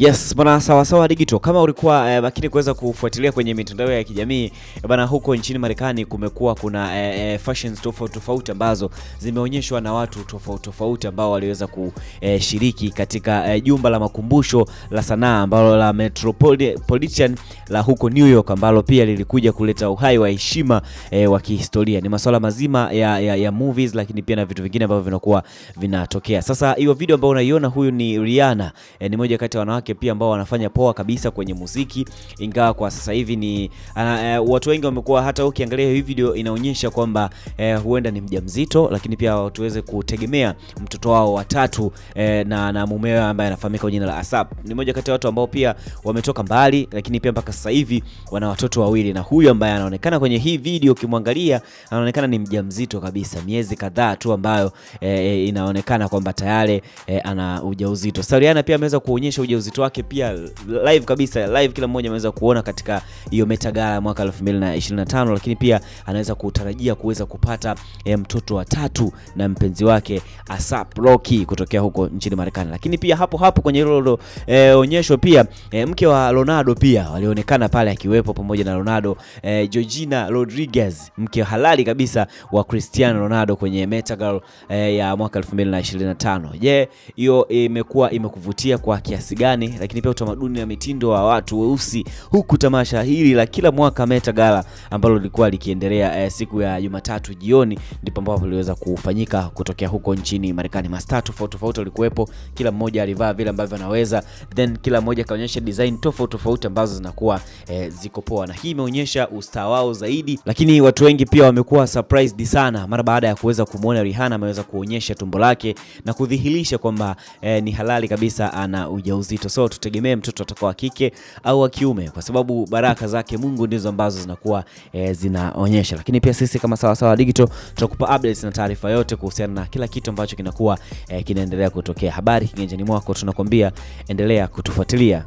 Yes bwana, sawa sawa digital. Kama ulikuwa eh, makini kuweza kufuatilia kwenye mitandao ya kijamii eh, bana huko nchini Marekani kumekuwa kuna eh, eh, fashions tofauti tofauti ambazo zimeonyeshwa na watu tofauti tofauti ambao waliweza kushiriki eh, katika eh, jumba la makumbusho la sanaa ambalo la Metropolitan la huko New York ambalo pia lilikuja kuleta uhai wa heshima eh, wa kihistoria. Ni masuala mazima ya, ya, ya movies lakini pia na vitu vingine ambavyo vinakuwa vinatokea. Sasa hiyo video ambayo unaiona, huyu ni Rihanna eh, ni moja kati ya wanawake wanawake pia ambao wanafanya poa kabisa kwenye muziki, ingawa kwa sasa hivi ni ana, uh, eh, watu wengi wamekuwa, hata ukiangalia hii video inaonyesha kwamba uh, huenda ni mjamzito, lakini pia tuweze kutegemea mtoto wao watatu uh, eh, na, na mumewe ambaye anafahamika kwa jina la Asap. Ni moja kati ya watu ambao pia wametoka mbali, lakini pia mpaka sasa hivi wana watoto wawili, na huyu ambaye anaonekana kwenye hii video ukimwangalia, anaonekana ni mjamzito kabisa, miezi kadhaa tu ambayo uh, inaonekana kwamba tayari uh, ana ujauzito. Sariana pia ameweza kuonyesha ujauzito mtoto wake pia live kabisa, live kila mmoja ameweza kuona katika hiyo Met Gala mwaka 2025, lakini pia anaweza kutarajia kuweza kupata e, mtoto wa tatu na mpenzi wake ASAP Rocky kutokea huko nchini Marekani. Lakini pia hapo hapo kwenye hilo e, onyesho pia e, mke wa Ronaldo pia walionekana pale akiwepo pamoja na Ronaldo e, Georgina Rodriguez mke halali kabisa wa Cristiano Ronaldo kwenye Met Gala e, ya mwaka 2025. Je, hiyo imekuwa imekuvutia kwa kiasi gani? lakini pia utamaduni na mitindo wa watu weusi, huku tamasha hili la kila mwaka Meta Gala ambalo lilikuwa likiendelea eh, siku ya Jumatatu jioni ndipo ambapo liliweza kufanyika kutokea huko nchini Marekani. Mastaa tofauti tofauti walikuwepo, kila mmoja alivaa vile ambavyo anaweza, then kila mmoja kaonyesha design tofauti tofauti ambazo zinakuwa eh, ziko poa, na hii imeonyesha ustaa wao zaidi, lakini watu wengi pia wamekuwa surprised sana mara baada ya kuweza kumwona Rihanna ameweza kuonyesha tumbo lake na kudhihirisha kwamba eh, ni halali kabisa ana ujauzito so, so tutegemee mtoto atakuwa wa kike au wa kiume, kwa sababu baraka zake Mungu ndizo ambazo zinakuwa e, zinaonyesha. Lakini pia sisi kama Sawasawa Digital tutakupa updates na taarifa yote kuhusiana na kila kitu ambacho kinakuwa e, kinaendelea kutokea. Habari kiganjani mwako, tunakwambia endelea kutufuatilia.